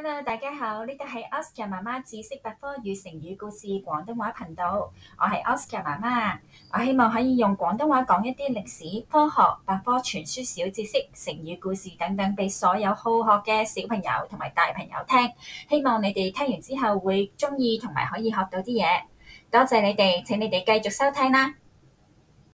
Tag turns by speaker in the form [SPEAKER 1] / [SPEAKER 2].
[SPEAKER 1] Hello，大家好，呢度係 Oscar 媽媽知識百科與成語故事廣東話頻道，我係 Oscar 媽媽。我希望可以用廣東話講一啲歷史、科學、百科全書、小知識、成語故事等等，俾所有好學嘅小朋友同埋大朋友聽。希望你哋聽完之後會中意同埋可以學到啲嘢。多謝你哋，請你哋繼續收聽啦。